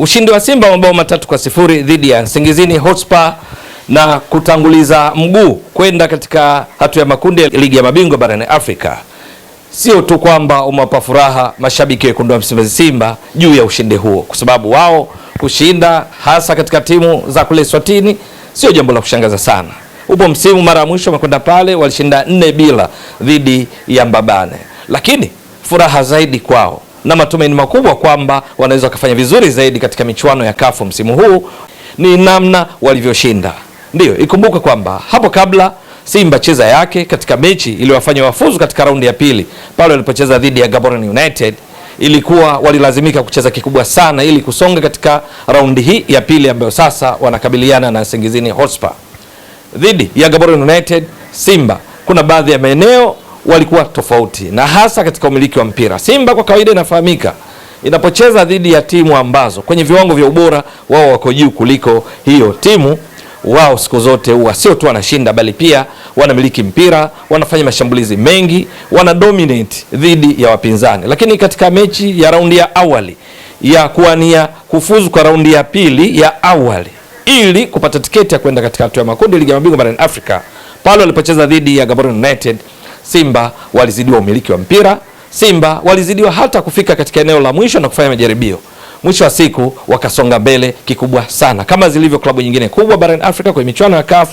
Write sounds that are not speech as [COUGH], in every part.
Ushindi wa Simba mabao matatu kwa sifuri dhidi ya singizini Hotspur na kutanguliza mguu kwenda katika hatua ya makundi ya ligi ya mabingwa barani Afrika sio tu kwamba umewapa furaha mashabiki wekundu wa Msimbazi Simba juu ya ushindi huo, kwa sababu wao kushinda hasa katika timu za kule Swatini sio jambo la kushangaza sana. Upo msimu mara ya mwisho wamekwenda pale walishinda nne bila dhidi ya Mbabane, lakini furaha zaidi kwao na matumaini makubwa kwamba wanaweza wakafanya vizuri zaidi katika michuano ya kafu msimu huu, ni namna walivyoshinda. Ndiyo ikumbuke kwamba hapo kabla Simba cheza yake katika mechi iliyowafanya wafuzu katika raundi ya pili pale walipocheza dhidi ya Gaborone United ilikuwa walilazimika kucheza kikubwa sana ili kusonga katika raundi hii ya pili ambayo sasa wanakabiliana na Singizini Hotspur. Dhidi ya Gaborone United Simba kuna baadhi ya maeneo walikuwa tofauti, na hasa katika umiliki wa mpira. Simba kwa kawaida inafahamika inapocheza dhidi ya timu ambazo kwenye viwango vya ubora wao wako juu kuliko hiyo timu, wao siku zote huwa sio tu wanashinda, bali pia wanamiliki mpira, wanafanya mashambulizi mengi, wana dominate dhidi ya wapinzani. Lakini katika mechi ya raundi ya awali ya kuwania kufuzu kwa raundi ya pili ya awali ili kupata tiketi ya kwenda katika hatua ya makundi ligi ya mabingwa barani Afrika, pale walipocheza dhidi ya Gaborone United Simba walizidiwa umiliki wa mpira, Simba walizidiwa hata kufika katika eneo la mwisho na kufanya majaribio. Mwisho wa siku wakasonga mbele kikubwa sana, kama zilivyo klabu nyingine kubwa barani Afrika kwenye michuano ya CAF,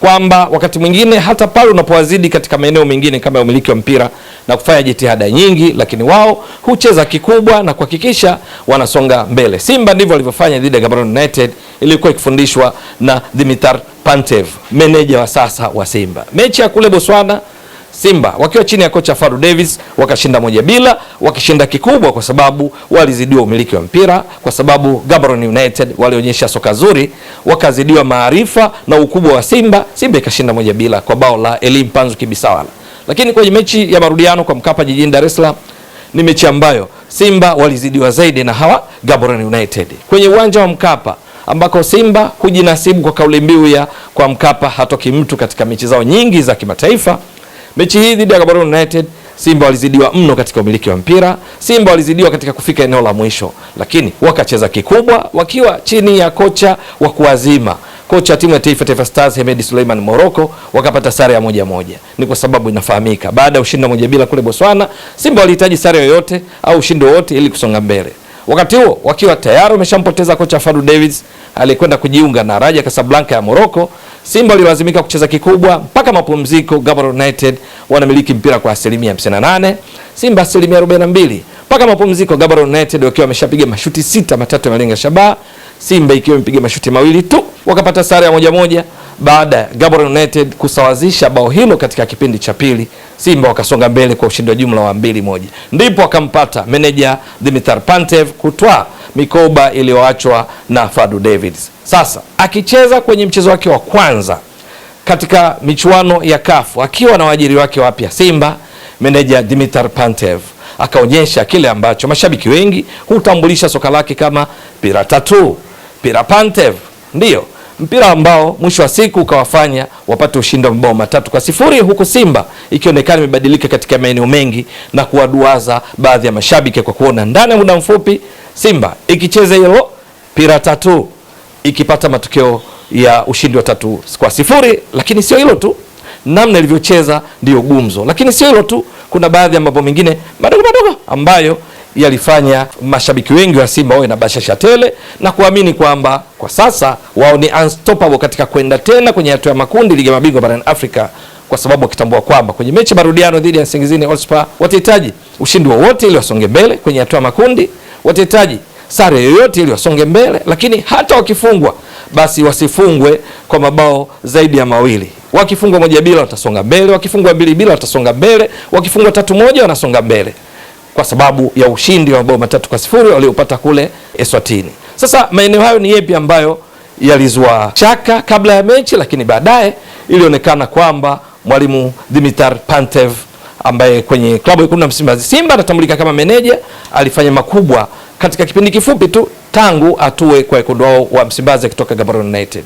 kwamba wakati mwingine hata pale unapowazidi katika maeneo mengine kama ya umiliki wa mpira na kufanya jitihada nyingi, lakini wao hucheza kikubwa na kuhakikisha wanasonga mbele. Simba ndivyo walivyofanya dhidi ya Gaborone United iliyokuwa ikifundishwa na Dimitar Pantev, meneja wa sasa wa Simba. Mechi ya kule Botswana Simba wakiwa chini ya kocha Faru Davis wakashinda moja bila, wakishinda kikubwa kwa sababu walizidiwa umiliki wa mpira, kwa sababu Gaborone United walionyesha soka zuri, wakazidiwa maarifa na ukubwa wa Simba. Simba ikashinda moja bila kwa bao la Elim Panzu Kibisawala. Lakini kwenye mechi ya marudiano kwa Mkapa jijini Dar es Salaam ni mechi ambayo Simba walizidiwa zaidi na hawa Gaborone United kwenye uwanja wa Mkapa ambako Simba hujinasibu kwa kauli mbiu ya kwa Mkapa hatoki mtu katika mechi zao nyingi za kimataifa. Mechi hii dhidi ya Gaborone United, Simba walizidiwa mno katika umiliki wa mpira. Simba walizidiwa katika kufika eneo la mwisho, lakini wakacheza kikubwa wakiwa chini ya kocha wa kuwazima kocha wa timu ya taifa Taifa Stars Hemedi Suleiman Moroko wakapata sare ya moja moja. Ni kwa sababu inafahamika, baada ya ushindi moja bila kule Botswana, Simba walihitaji sare yoyote au ushindi wowote ili kusonga mbele. Wakati huo wakiwa tayari wameshampoteza kocha Fadlu Davids aliyekwenda kujiunga na Raja Casablanca ya Moroko, Simba walilazimika kucheza kikubwa mpaka mapumziko. Gaborone United wanamiliki mpira kwa asilimia 58, Simba asilimia 42 mpaka mapumziko. Gaborone United wakiwa wameshapiga mashuti sita, matatu yamelenga shabaha, Simba ikiwa imepiga mashuti mawili tu, wakapata sare ya moja moja baada ya Gaborone United kusawazisha bao hilo katika kipindi cha pili, Simba wakasonga mbele kwa ushindi wa jumla wa mbili moja, ndipo akampata meneja Dimitar Pantev kutwaa mikoba iliyoachwa na Fadu Davids. Sasa akicheza kwenye mchezo wake wa kwanza katika michuano ya kafu akiwa na waajiri wake wapya Simba, meneja Dimitar Pantev akaonyesha kile ambacho mashabiki wengi hutambulisha soka lake kama pira tatu, pira Pantev ndiyo mpira ambao mwisho wa siku ukawafanya wapate ushindi wa mabao matatu kwa sifuri huku Simba ikionekana imebadilika katika maeneo mengi na kuwaduaza baadhi ya mashabiki kwa kuona ndani ya muda mfupi Simba ikicheza hilo pira tatu ikipata matokeo ya ushindi wa tatu kwa sifuri. Lakini sio hilo tu, namna ilivyocheza ndiyo gumzo. Lakini sio hilo tu, kuna baadhi ya mambo mengine madogo madogo ambayo yalifanya mashabiki wengi wa Simba wawe na bashasha tele na kuamini kwamba kwa sasa wao ni unstoppable katika kwenda tena kwenye hatua ya makundi ligi ya mabingwa barani Afrika, kwa sababu wakitambua kwamba kwenye mechi marudiano dhidi ya Singizini All Star watahitaji ushindi wowote ili wasonge mbele kwenye hatua ya makundi, watahitaji sare yoyote ili wasonge mbele, lakini hata wakifungwa basi wasifungwe kwa mabao zaidi ya mawili. Wakifungwa moja bila watasonga mbele, wakifungwa mbili bila watasonga mbele, wakifungwa tatu moja wanasonga mbele kwa sababu ya ushindi wa mabao matatu kwa sifuri waliopata kule Eswatini. Sasa maeneo hayo ni yepi ambayo yalizua shaka kabla ya mechi, lakini baadaye ilionekana kwamba mwalimu Dimitar Pantev ambaye kwenye klabu ya Wekundu wa Msimbazi Simba anatambulika kama meneja, alifanya makubwa katika kipindi kifupi tu tangu atue kwa wekundu wao wa Msimbazi akitoka Gaborone United.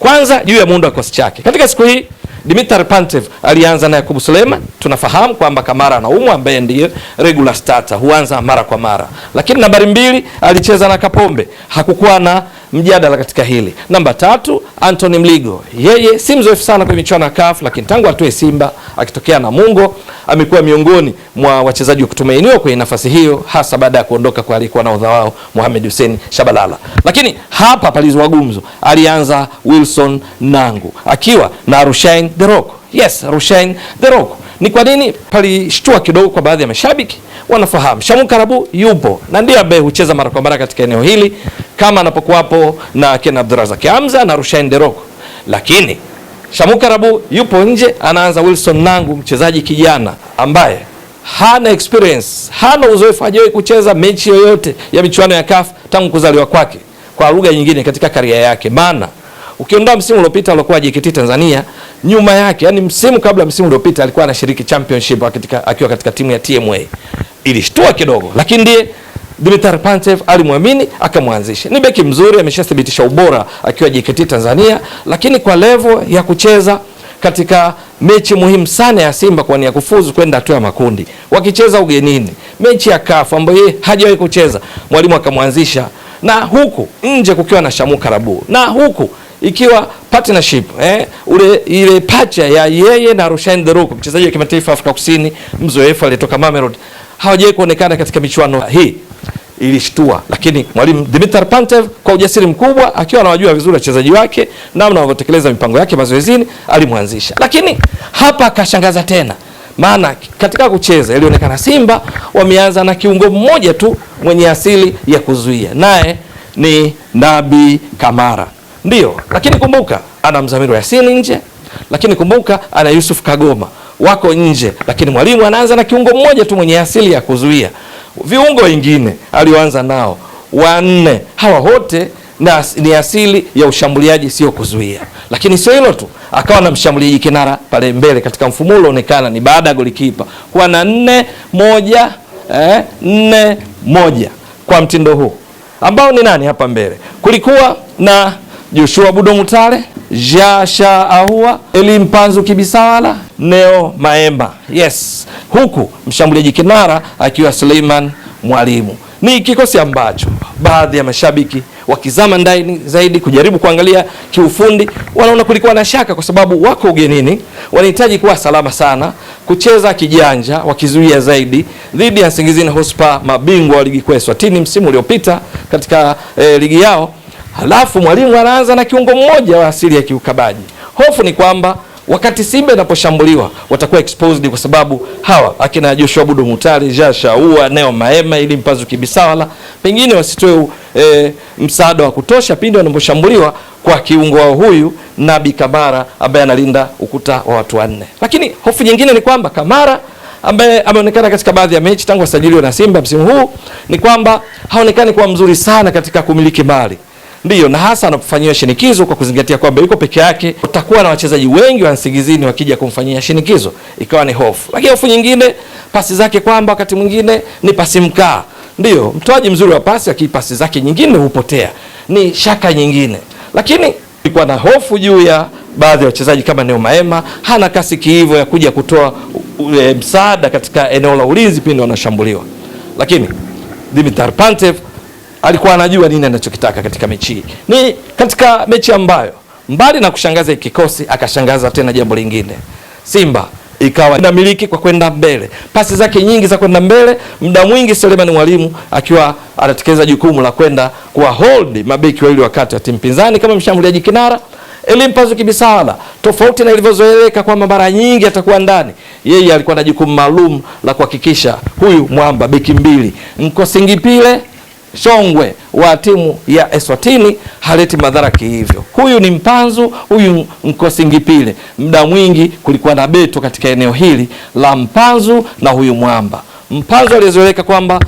Kwanza juu ya muundo wa kikosi chake katika siku hii Dimitar Pantev alianza na Yakubu Suleiman. Tunafahamu kwamba Kamara anaumwa, ambaye ndiye regular starter, huanza mara kwa mara, lakini nambari mbili alicheza na Kapombe, hakukuwa na mjadala katika hili. Namba tatu Anthony Mligo, yeye si mzoefu sana kwenye michuano ya CAF, lakini tangu atoe Simba akitokea Namungo amekuwa miongoni mwa wachezaji wa kutumainiwa kwenye nafasi hiyo, hasa baada ya kuondoka kwa alikuwa udha wao Mohamed Hussein Shabalala. Lakini hapa palizua gumzo, alianza Wilson Nangu akiwa na Arushain The Rock. Yes, Rushain The Rock. Ni kwa nini? Palishtua kidogo kwa baadhi ya mashabiki wanafahamu. Shamu Karabu yupo na ndiye ambaye hucheza mara kwa mara katika eneo hili kama anapokuwapo na Ken Abdurazak Hamza na Rushain The Rock. Lakini Shamu Karabu yupo nje, anaanza Wilson Nangu, mchezaji kijana ambaye hana experience, hana uzoefu, hajawahi kucheza mechi yoyote ya michuano ya CAF tangu kuzaliwa kwake, kwa lugha nyingine, katika karia yake maana Ukiondoa msimu uliopita alikuwa JKT Tanzania, nyuma yake yani msimu kabla msimu uliopita alikuwa anashiriki championship akitika, akiwa katika timu ya TMA. Ilishtua kidogo, lakini ndiye Dimitar Pantev alimwamini akamwanzisha. Ni beki mzuri, ameshathibitisha ubora akiwa JKT Tanzania, lakini kwa level ya kucheza katika mechi muhimu sana ya Simba kwa nia kufuzu kwenda hatua ya makundi, wakicheza ugenini, mechi ya kafu ambayo yeye hajawahi kucheza, mwalimu akamwanzisha, na huku nje kukiwa na Shamu Karabu, na huku ikiwa partnership eh, ule ile pacha ya yeye na Rushain Deruku mchezaji wa kimataifa Afrika Kusini mzoefu aliyetoka Mamelodi hawajawahi kuonekana katika michuano hii ilishtua, lakini mwalimu Dimitar Pantev kwa ujasiri mkubwa, akiwa anawajua vizuri wachezaji wake, namna wanavyotekeleza mipango yake mazoezini, alimwanzisha. Lakini hapa akashangaza tena, maana katika kucheza ilionekana Simba wameanza na kiungo mmoja tu mwenye asili ya kuzuia, naye ni Nabi Kamara. Ndiyo, lakini kumbuka ana Mzamiru Yasini nje, lakini kumbuka ana Yusuf Kagoma wako nje, lakini mwalimu anaanza na kiungo mmoja tu mwenye asili ya kuzuia. Viungo wengine alioanza nao wanne, hawa wote na ni asili ya ushambuliaji, sio kuzuia. Lakini sio hilo tu, akawa na mshambuliaji kinara pale mbele katika mfumo ule unaonekana ni baada ya golikipa kuwa na nne moja eh, nne moja kwa mtindo huu ambao ni nani hapa mbele kulikuwa na Joshua Budo Mutale, Jasha Ahua, Eli Mpanzu Kibisawala, Neo Maemba. Yes, huku mshambuliaji kinara akiwa Suleiman Mwalimu. Ni kikosi ambacho baadhi ya mashabiki wakizama ndani zaidi kujaribu kuangalia kiufundi, wanaona kulikuwa na shaka kwa sababu wako ugenini, wanahitaji kuwa salama sana, kucheza kijanja, wakizuia zaidi dhidi ya Nsingizini Hotspur, mabingwa wa ligi kuu ya Eswatini msimu uliopita katika eh, ligi yao Halafu mwalimu anaanza na kiungo mmoja wa asili ya kiukabaji. Hofu ni kwamba wakati Simba inaposhambuliwa watakuwa exposed kwa sababu hawa akina Joshua Budo Mutari, Jasha Ua, Neo Maema ili Mpazu Kibisawala pengine wasitoe e, msaada wa kutosha pindi wanaposhambuliwa kwa kiungo wao huyu Nabi Kamara ambaye analinda ukuta wa watu wanne. Lakini hofu nyingine ni kwamba Kamara ambaye ameonekana katika baadhi ya mechi tangu asajiliwe na Simba msimu huu ni kwamba haonekani kuwa mzuri sana katika kumiliki mali. Ndiyo, na hasa anapofanyiwa shinikizo, kwa kuzingatia kwamba yuko peke yake, utakuwa na wachezaji wengi wa Nsingizini wakija kumfanyia shinikizo, ikawa ni hofu. Lakini hofu nyingine, pasi zake kwamba wakati mwingine ni pasi mkaa. Ndiyo, mtoaji mzuri wa pasi, lakini pasi zake nyingine hupotea, ni shaka nyingine. Lakini ilikuwa na hofu juu ya baadhi ya wachezaji kama Neo Maema, hana kasi kiivo ya kuja kutoa e, msaada katika eneo la ulinzi pindi wanashambuliwa, lakini Dimitar Pantev alikuwa anajua nini anachokitaka katika mechi hii. Ni katika mechi ambayo mbali na kushangaza kikosi akashangaza tena jambo lingine. Simba ikawa na miliki kwa kwenda mbele, pasi zake nyingi za kwenda mbele, muda mwingi Selemani Mwalimu akiwa anatekeleza jukumu la kwenda kuwa hold mabeki wawili wakati wa timu pinzani kama mshambuliaji kinara Elimpazo Kibisala, tofauti na ilivyozoeleka kwamba mara nyingi atakuwa ndani, yeye alikuwa na jukumu maalum la kuhakikisha huyu mwamba beki mbili Nkosingipile shongwe wa timu ya Eswatini haleti madhara kihivyo. Huyu ni mpanzu, huyu Mkosingipile. Muda mwingi kulikuwa na beto katika eneo hili la mpanzu na huyu mwamba. Mpanzu alizoeleka kwamba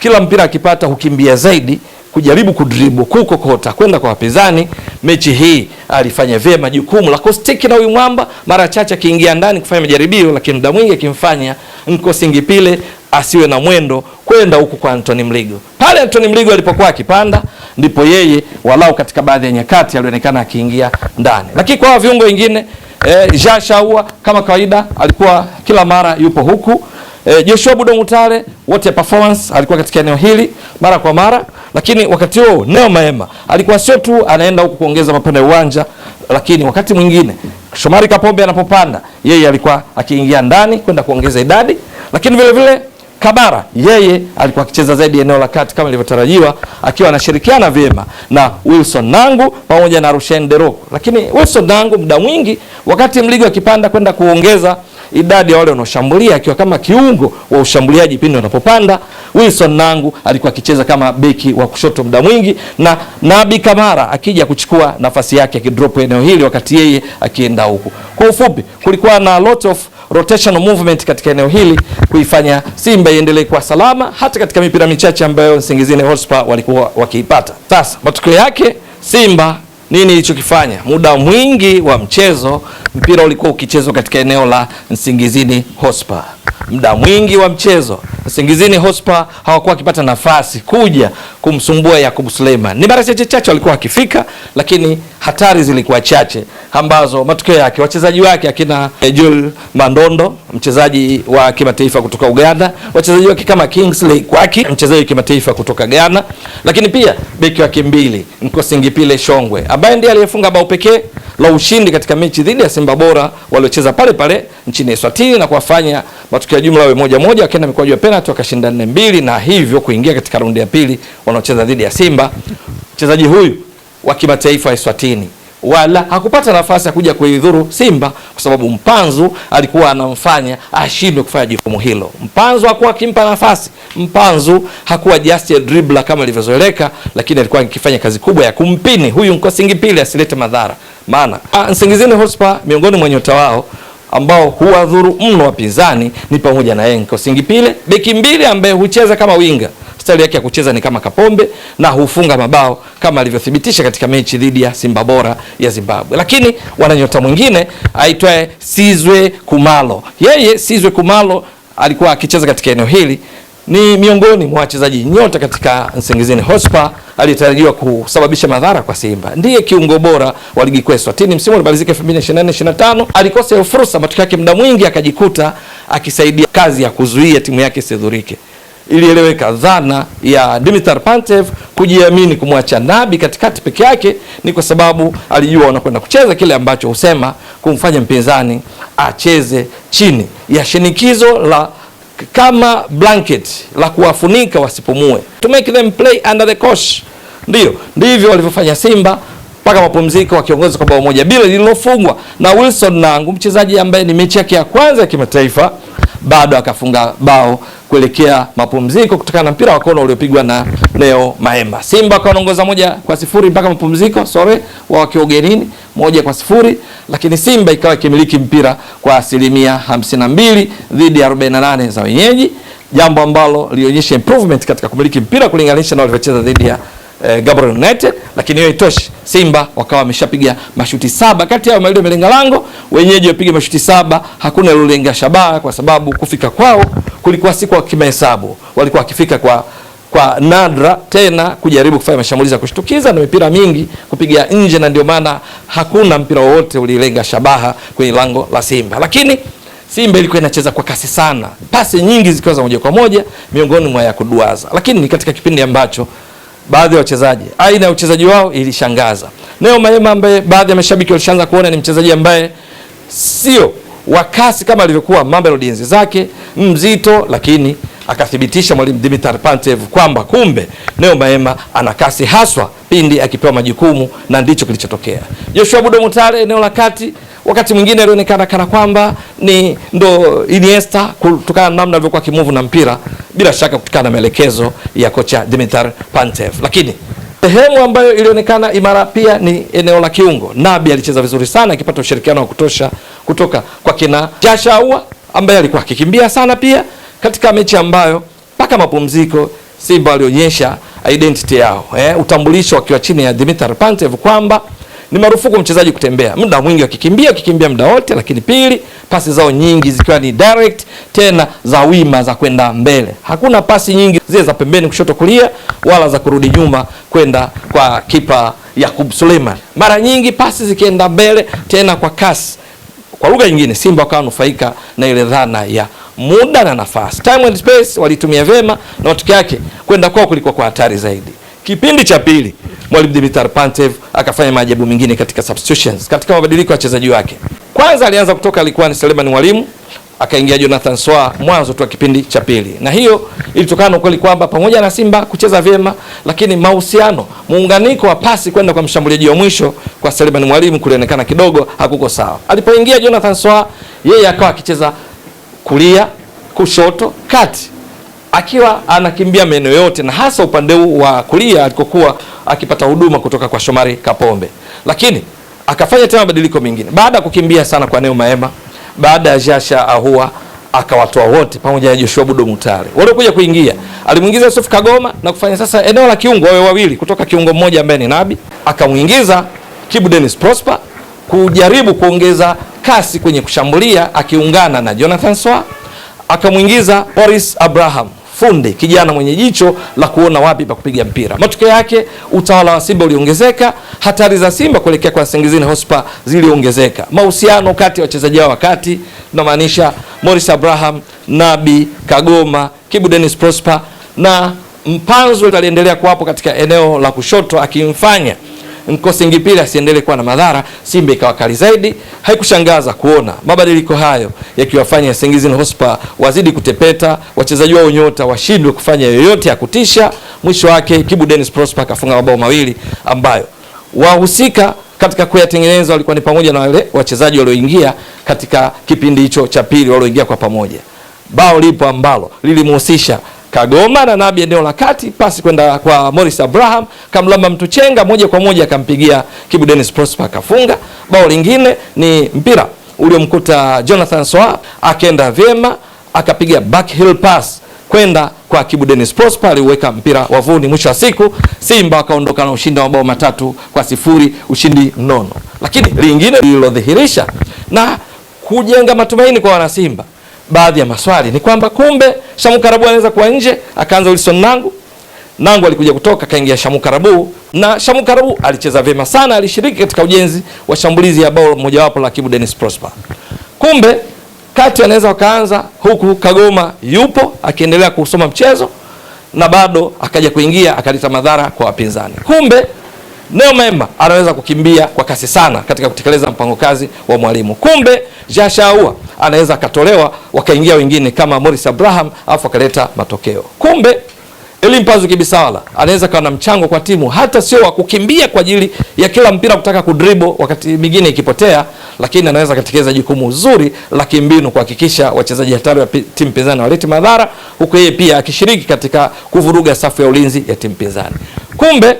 kila mpira akipata hukimbia zaidi kujaribu kudribu kota kwenda kwa wapinzani. Mechi hii alifanya vyema jukumu la kustiki na huyu mwamba, mara chache akiingia ndani kufanya majaribio, lakini muda mwingi akimfanya Nkosingipile asiwe na mwendo kwenda huku kwa Anthony Mligo. Pale Anthony Mligo alipokuwa akipanda, ndipo yeye walau katika baadhi ya nyakati alionekana akiingia ndani, lakini kwa viungo wengine eh, Jean Shaua kama kawaida alikuwa kila mara yupo huku E, Joshua Budo Mutale wote ya performance alikuwa katika eneo hili mara kwa mara, lakini wakati huo Neo Maema alikuwa sio tu anaenda huku kuongeza mapendo ya uwanja, lakini wakati mwingine Shomari Kapombe anapopanda yeye alikuwa akiingia ndani kwenda kuongeza idadi, lakini vile vile Kabara yeye alikuwa akicheza zaidi eneo la kati kama ilivyotarajiwa, akiwa anashirikiana vyema na Wilson Nangu pamoja na Rushen Dero. Lakini Wilson Nangu muda mwingi wakati mligo akipanda kwenda kuongeza idadi ya wale wanaoshambulia akiwa kama kiungo wa ushambuliaji pindi wanapopanda. Wilson Nangu alikuwa akicheza kama beki wa kushoto muda mwingi, na Nabi Kamara akija kuchukua nafasi yake akidrop eneo hili, wakati yeye akienda huku. Kwa ufupi, kulikuwa na lot of rotational movement katika eneo hili kuifanya Simba iendelee kuwa salama hata katika mipira michache ambayo Nsingizini Hotspur walikuwa wakiipata. Sasa matokeo yake Simba nini ilichokifanya? Muda mwingi wa mchezo mpira ulikuwa ukichezwa katika eneo la Nsingizini Hotspur muda mwingi wa mchezo. Singizini Hospa hawakuwa wakipata nafasi kuja kumsumbua Yakubu Suleiman. Ni mara chache chache walikuwa wakifika, lakini hatari zilikuwa chache ambazo matokeo yake wachezaji wake akina eh, Jules Mandondo, mchezaji wa kimataifa kutoka Uganda, wachezaji wake kama Kingsley Kwaki, mchezaji wa kimataifa kutoka Ghana, lakini pia beki wake mbili Nkosingipile Shongwe ambaye ndiye aliyefunga bao pekee la ushindi katika mechi dhidi ya Simba Bora waliocheza pale pale nchini Eswatini na kuwafanya matokeo ya jumla yawe moja moja, wakaenda mikwaju ya penalti wakashinda nne mbili, na hivyo kuingia katika raundi ya pili wanaocheza dhidi ya Simba. Mchezaji huyu wa kimataifa Eswatini wala hakupata nafasi ya kuja kuidhuru Simba kwa sababu Mpanzu alikuwa anamfanya ashindwe kufanya jukumu hilo. Mpanzu hakuwa akimpa nafasi. Mpanzu hakuwa just a dribbler kama ilivyozoeleka, lakini alikuwa akifanya kazi kubwa ya kumpini huyu Nkosingi Pili asilete madhara, maana ah, Nsingizini Hotspur miongoni mwa nyota wao ambao huwadhuru mno wapinzani ni pamoja na Nkosingi Pile, beki mbili ambaye hucheza kama winga Staili yake ya kucheza ni kama Kapombe na hufunga mabao kama alivyothibitisha katika mechi dhidi ya Simba Bora ya Zimbabwe. Lakini wana nyota mwingine aitwaye Sizwe Kumalo. Yeye Sizwe Kumalo alikuwa akicheza katika eneo hili ni miongoni mwa wachezaji nyota katika Nsingizini Hotspur aliyetarajiwa kusababisha madhara kwa Simba. Ndiye kiungo bora wa ligi kuu Eswatini msimu uliomalizika 2024-2025. Alikosa hiyo fursa, matokeo yake muda mwingi akajikuta akisaidia kazi ya kuzuia timu yake isidhurike ilieleweka dhana ya Dimitar Pantev kujiamini kumwacha Nabi katikati peke yake ni kwa sababu alijua wanakwenda kucheza kile ambacho husema kumfanya mpinzani acheze chini ya shinikizo la kama blanket la kuwafunika wasipumue, to make them play under the coach. Ndio ndivyo walivyofanya Simba mpaka mapumziko wakiongoza kwa bao moja bila lililofungwa na Wilson Nangu, mchezaji ambaye ni mechi yake ya kwanza ya kimataifa, bado akafunga bao kuelekea mapumziko kutokana na mpira wa kona uliopigwa na Leo Maemba. Simba kwa anaongoza moja kwa sifuri mpaka mapumziko, sorry, wa wakiwa ugenini moja kwa sifuri, lakini Simba ikawa ikimiliki mpira kwa asilimia 52 dhidi ya 48 za wenyeji, jambo ambalo lilionyesha improvement katika kumiliki mpira kulinganisha na walivyocheza dhidi ya eh, Gaborone United, lakini hiyo itoshi, Simba wakawa wameshapiga mashuti saba kati yao mawili yamelenga lango, wenyeji wapige mashuti saba, hakuna lilolenga shabaha, kwa sababu kufika kwao kulikuwa si kwa kimahesabu, walikuwa wakifika kwa kwa nadra tena kujaribu kufanya mashambulizi ya kushtukiza na mipira mingi kupiga nje, na ndio maana hakuna mpira wowote ulilenga shabaha kwenye lango la Simba. Lakini Simba ilikuwa inacheza kwa kasi sana, pasi nyingi zikiwa za moja kwa moja, miongoni mwa ya kuduaza, lakini ni katika kipindi ambacho baadhi ya wachezaji, aina ya uchezaji wao ilishangaza. Neo Maema ambaye baadhi ya mashabiki walishaanza kuona ni mchezaji ambaye sio wa kasi kama alivyokuwa Mamelodi enzi zake, mzito, lakini akathibitisha mwalimu Dimitar Pantev kwamba kumbe Neo Maema ana kasi haswa pindi akipewa majukumu, na ndicho kilichotokea. Joshua Budo Mutale eneo la kati wakati mwingine alionekana kana kwamba ni ndo Iniesta kutokana na namna alivyokuwa kimuvu na mpira, bila shaka kutokana na maelekezo ya kocha Dimitar Pantev. Lakini sehemu ambayo ilionekana imara pia ni eneo la kiungo. Nabi alicheza vizuri sana akipata ushirikiano wa kutosha kutoka kwa kina Jashaua ambaye alikuwa akikimbia sana pia katika mechi ambayo mpaka mapumziko Simba alionyesha identity yao eh, utambulisho wakiwa chini ya Dimitar Pantev kwamba ni marufuku mchezaji kutembea muda mwingi, akikimbia akikimbia muda wote. Lakini pili, pasi zao nyingi zikiwa ni direct, tena za wima za kwenda mbele. Hakuna pasi nyingi zile za pembeni, kushoto, kulia, wala za kurudi nyuma kwenda kwa kipa Yakub Suleiman. Mara nyingi pasi zikienda mbele, tena kwa kasi. Kwa lugha nyingine, Simba wakawa nufaika na ile dhana ya muda na nafasi, time and space, walitumia vyema na matokeo yake kwenda kwao kulikuwa kwa hatari zaidi. Kipindi cha pili mwalimu Dimitar Pantev akafanya maajabu mengine katika substitutions, katika mabadiliko ya wachezaji wake. Kwanza alianza kutoka alikuwa ni Seleman Mwalimu, akaingia Jonathan Swa mwanzo tu wa kipindi cha pili, na hiyo ilitokana na ukweli kwamba pamoja na Simba kucheza vyema, lakini mahusiano, muunganiko wa pasi kwenda kwa mshambuliaji wa mwisho kwa Seleman Mwalimu kulionekana kidogo hakuko sawa. Alipoingia Jonathan Swa, yeye akawa akicheza kulia, kushoto, kati akiwa anakimbia maeneo yote na hasa upande huu wa kulia alikokuwa akipata huduma kutoka kwa Shomari Kapombe, lakini akafanya tena mabadiliko mengine baada ya kukimbia sana kwa Neo Maema, baada ya Jasha Ahua akawatoa wote pamoja na Joshua Budo Mutale waliokuja kuingia, alimuingiza Yusuf Kagoma na kufanya sasa eneo la kiungo wawe wawili kutoka kiungo mmoja ambaye ni Nabi, akamuingiza Kibu Dennis Prosper kujaribu kuongeza kasi kwenye kushambulia akiungana na Jonathan Swa, akamuingiza Boris Abraham fundi, kijana mwenye jicho la kuona wapi pa kupiga mpira. Matokeo yake utawala wa Simba uliongezeka, hatari za Simba kuelekea kwa Singizini Hospa ziliongezeka, mahusiano kati ya wachezaji hao wakati namaanisha Morris Abraham, Nabi Kagoma, Kibu Dennis Prosper na Mpanzo aliendelea kuwapo katika eneo la kushoto akimfanya mkosi pili asiendelee kuwa na madhara, Simba ikawa kali zaidi. Haikushangaza kuona mabadiliko hayo yakiwafanya Singizini Hospa wazidi kutepeta, wachezaji wao nyota washindwe kufanya yoyote ya kutisha. Mwisho wake Kibu Dennis Prosper akafunga mabao mawili ambayo wahusika katika kuyatengeneza walikuwa ni pamoja na wale wachezaji walioingia katika kipindi hicho cha pili walioingia kwa pamoja. Bao lipo ambalo lilimhusisha Kagoma na Nabi eneo la kati, pasi kwenda kwa Morris Abraham, kamlamba mtu chenga moja kwa moja, akampigia Kibu Dennis Prosper akafunga. Bao lingine ni mpira uliomkuta Jonathan Soa, akaenda vyema, akapiga back heel pass kwenda kwa Kibu Dennis Prosper, aliweka mpira wavuni. Mwisho wa siku Simba wakaondoka na ushindi wa mabao matatu kwa sifuri, ushindi mnono, lakini lingine lililodhihirisha na kujenga matumaini kwa wanasimba baadhi ya maswali ni kwamba kumbe Shamukarabu anaweza kuwa nje akaanza Wilson Nangu. Nangu alikuja kutoka kaingia Shamukarabu na Shamukarabu alicheza vyema sana, alishiriki katika ujenzi wa shambulizi ya bao mojawapo la Kibu Dennis Prosper. Kumbe kati anaweza wakaanza huku, Kagoma yupo akiendelea kusoma mchezo na bado akaja kuingia akaleta madhara kwa wapinzani. Kumbe Neo Memba anaweza kukimbia kwa kasi sana katika kutekeleza mpango kazi wa mwalimu. Kumbe Jashaua anaweza akatolewa, wakaingia wengine kama Morris Abraham afu akaleta matokeo. Kumbe Elimpazu Kibisala anaweza kawa na mchango kwa timu, hata sio wa kukimbia kwa ajili ya kila mpira kutaka kudribo wakati mingine ikipotea, lakini anaweza katekeleza jukumu zuri la kimbinu kuhakikisha wachezaji hatari wa timu pinzani waleti madhara, huku yeye pia akishiriki katika kuvuruga safu ya ulinzi ya timu pinzani. Kumbe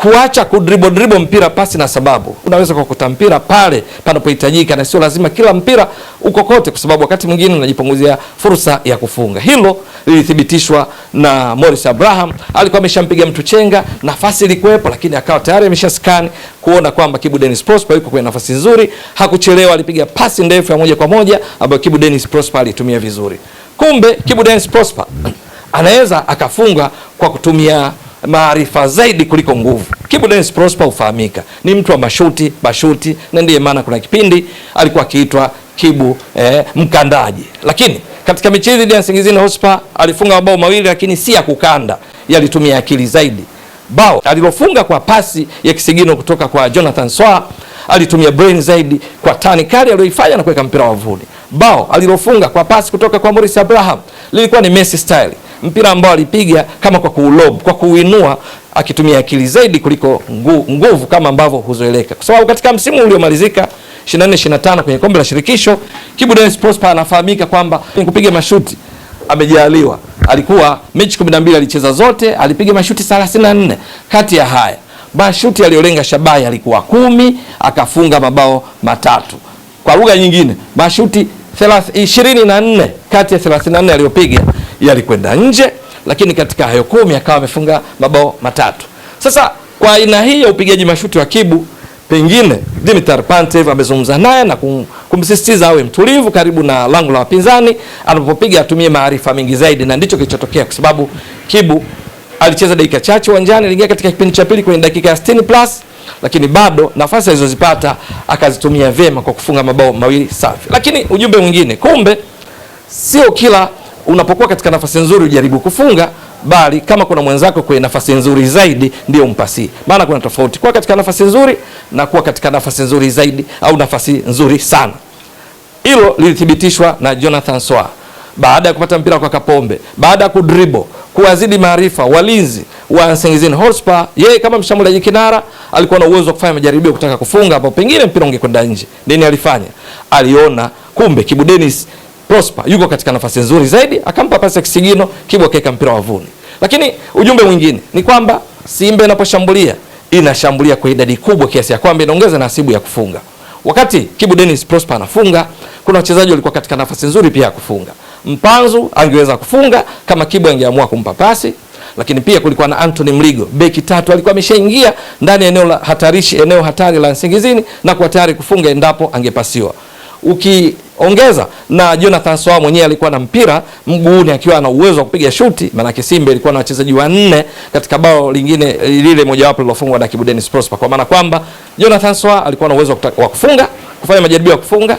kuacha kudribo dribo mpira pasi na sababu. Unaweza kukuta mpira pale panapohitajika, na sio lazima kila mpira ukokote, kwa sababu wakati mwingine unajipunguzia fursa ya kufunga. Hilo lilithibitishwa na Morris Abraham, alikuwa ameshampiga mtu chenga, nafasi ilikuwepo, lakini akawa tayari ameshascan kuona kwamba Kibu Dennis Prosper yuko kwenye nafasi nzuri, hakuchelewa, alipiga pasi ndefu ya moja kwa moja ambayo Kibu Dennis Prosper alitumia vizuri. Kumbe Kibu Dennis Prosper [CLEARS THROAT] anaweza akafunga kwa kutumia maarifa zaidi kuliko nguvu. Kibu Dennis Prosper hufahamika ni mtu wa mashuti mashuti, na ndiye maana kuna kipindi alikuwa akiitwa Kibu eh, mkandaji. Lakini katika michezo dhidi ya Singizini Hospa alifunga mabao mawili, lakini si ya kukanda, yalitumia akili zaidi. Bao alilofunga kwa pasi ya kisigino kutoka kwa Jonathan Swa alitumia brain zaidi kwa tani kali aliyoifanya na kuweka mpira wavuni. Bao alilofunga kwa pasi kutoka kwa Morris Abraham lilikuwa ni Messi style mpira ambao alipiga kama kwa kuulob, kwa kuinua akitumia akili zaidi kuliko ngu, nguvu kama ambavyo huzoeleka, kwa sababu katika msimu uliomalizika 24 25 kwenye kombe la shirikisho Kibu Dennis Prosper anafahamika kwamba kupiga mashuti amejaliwa. Alikuwa mechi 12 alicheza zote, alipiga mashuti 34. Kati ya haya mashuti aliyolenga Shabai alikuwa kumi, akafunga mabao matatu. Kwa lugha nyingine mashuti 24 kati ya 34 aliyopiga yalikwenda nje, lakini katika hayo kumi akawa amefunga mabao matatu. Sasa kwa aina hii ya upigaji mashuti wa Kibu, pengine Dimitar Pantev amezungumza naye na kum, kumsisitiza awe mtulivu karibu na lango la wapinzani, anapopiga atumie maarifa mengi zaidi, na ndicho kilichotokea kwa sababu Kibu alicheza dakika chache uwanjani, aliingia katika kipindi cha pili kwenye dakika ya 60 plus, lakini bado nafasi alizozipata akazitumia vyema kwa kufunga mabao mawili safi. Lakini ujumbe mwingine, kumbe sio kila unapokuwa katika nafasi nzuri ujaribu kufunga, bali kama kuna mwenzako kwenye nafasi nzuri zaidi ndio umpasi, Maana kuna tofauti kuwa katika nafasi nzuri na kuwa katika nafasi nzuri zaidi au nafasi nzuri sana. Hilo lilithibitishwa na Jonathan Soa baada ya kupata mpira kwa Kapombe, baada ya kudribble kuwazidi maarifa walinzi wa Nsingizini Hotspur. Yeye kama mshambuliaji kinara alikuwa na uwezo wa kufanya majaribio kutaka kufunga hapo, pengine mpira ungekwenda nje. Nini alifanya? Aliona kumbe Kibu Dennis Prosper yuko katika nafasi nzuri zaidi, akampa pasi ya kisigino, Kibwa akaweka mpira wavuni. Lakini ujumbe mwingine ni kwamba Simba inaposhambulia inashambulia kwa idadi kubwa kiasi ya kwamba inaongeza nasibu ya kufunga. Wakati Kibu Dennis Prosper anafunga, kuna wachezaji walikuwa katika nafasi nzuri pia ya kufunga. Mpanzu angeweza kufunga kama Kibu angeamua kumpa pasi, lakini pia kulikuwa na Anthony Mligo, beki tatu, alikuwa ameshaingia ndani eneo la hatarishi, eneo hatari la Nsingizini na kuwa tayari kufunga endapo angepasiwa. Uki ongeza na Jonathan Swa mwenyewe alikuwa na mpira mguuni akiwa ana uwezo wa kupiga shuti, maanake Simba ilikuwa na wachezaji wanne katika bao lingine eh, lile mojawapo lilofungwa na Kibu Denis Prosper, kwa maana kwamba Jonathan Swa alikuwa na uwezo wa kufunga, kufanya majaribio ya kufunga.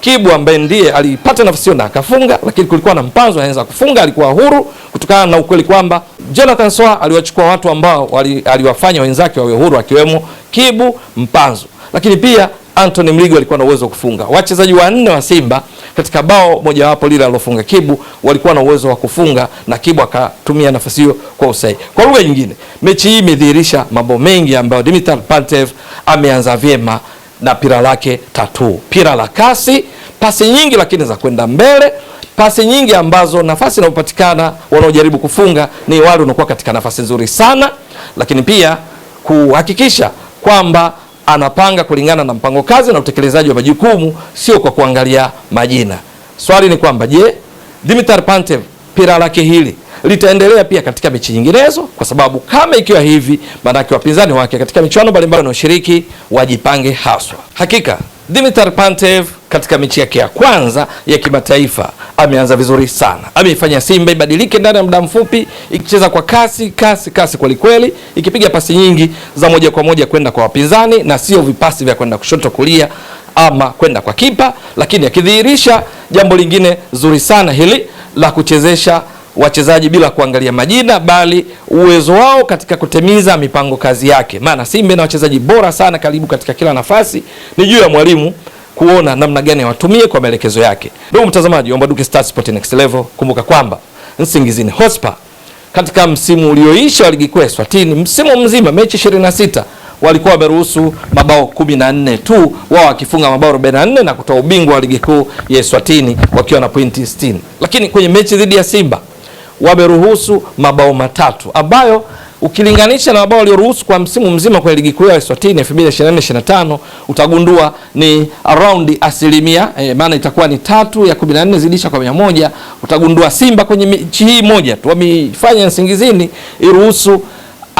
Kibu ambaye ndiye alipata nafasi hiyo na akafunga, lakini kulikuwa na mpanzo anaweza kufunga, alikuwa huru kutokana na ukweli kwamba Jonathan Swa aliwachukua watu ambao aliwafanya wenzake wawe huru, akiwemo Kibu Mpanzo, lakini pia Anthony Mligo alikuwa na uwezo wa kufunga. Wachezaji wanne wa Simba katika bao mojawapo lile alilofunga Kibu walikuwa na uwezo wa kufunga na Kibu akatumia nafasi hiyo kwa usahihi. Kwa lugha nyingine, mechi hii imedhihirisha mambo mengi ambayo Dimitar Pantev ameanza vyema na pira lake tatu, pira la kasi, pasi nyingi lakini za kwenda mbele pasi nyingi ambazo nafasi inayopatikana wanaojaribu kufunga ni wale wanaokuwa katika nafasi nzuri sana, lakini pia kuhakikisha kwamba anapanga kulingana na mpango kazi na utekelezaji wa majukumu, sio kwa kuangalia majina. Swali ni kwamba je, Dimitar Pantev pira lake hili litaendelea pia katika mechi nyinginezo? Kwa sababu kama ikiwa hivi, maanake wapinzani wake katika michuano mbalimbali wanaoshiriki wajipange haswa. Hakika Dimitar Pantev katika mechi yake ya kwanza ya kimataifa ameanza vizuri sana, ameifanya Simba ibadilike ndani ya muda mfupi, ikicheza kwa kasi kasi kasi kwelikweli, ikipiga pasi nyingi za moja kwa moja kwenda kwa wapinzani na sio vipasi vya kwenda kushoto kulia ama kwenda kwa kipa, lakini akidhihirisha jambo lingine zuri sana hili la kuchezesha wachezaji bila kuangalia majina bali uwezo wao katika kutimiza mipango kazi yake. Maana Simba na wachezaji bora sana karibu katika kila nafasi, ni juu ya mwalimu kuona namna gani watumie kwa maelekezo yake. Ndugu mtazamaji, omba duke Star Sport Next Level, kumbuka kwamba Nsingizini Hotspur katika msimu ulioisha wa ligi kuu ya Eswatini, msimu mzima mechi 26 walikuwa wameruhusu mabao 14 tu, wao wakifunga mabao 44 na kutoa ubingwa wa ligi kuu ya Eswatini wakiwa na pointi 60, lakini kwenye mechi dhidi ya Simba wameruhusu mabao matatu ambayo ukilinganisha na mabao walioruhusu kwa msimu mzima kwa ligi kuu ya Eswatini 2024/25 utagundua ni around asilimia eh, maana itakuwa ni tatu ya 14 zidisha kwa mia moja. Utagundua Simba kwenye mechi hii moja tu wamefanya nsingizini iruhusu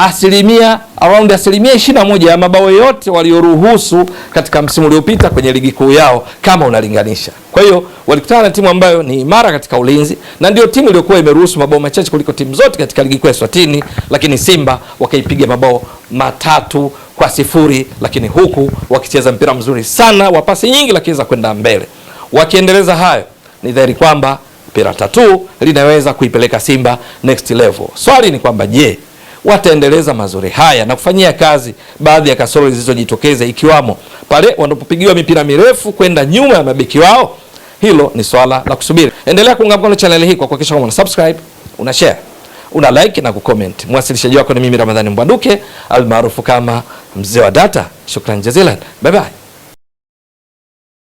asilimia around asilimia ishirini na moja ya mabao yote walioruhusu katika msimu uliopita kwenye ligi kuu yao, kama unalinganisha. Kwa hiyo walikutana na timu ambayo ni imara katika ulinzi na ndio timu iliyokuwa imeruhusu mabao machache kuliko timu zote katika ligi kuu ya Swatini, lakini Simba wakaipiga mabao matatu kwa sifuri, lakini huku wakicheza mpira mzuri sana wa pasi nyingi, lakini za kwenda mbele. Wakiendeleza hayo, ni dhahiri kwamba pira tatu linaweza kuipeleka Simba next level. Swali ni kwamba je, wataendeleza mazuri haya na kufanyia kazi baadhi ya kasoro zilizojitokeza ikiwamo pale wanapopigiwa mipira mirefu kwenda nyuma ya mabeki wao. Hilo ni swala la kusubiri. Endelea kuunga mkono chaneli hii kwa kuhakikisha kwamba una subscribe, una share, una like na kucomment. Mwasilishaji wako ni mimi Ramadhani mbwaduke almaarufu kama mzee wa data. Shukran jazilan, bye bye.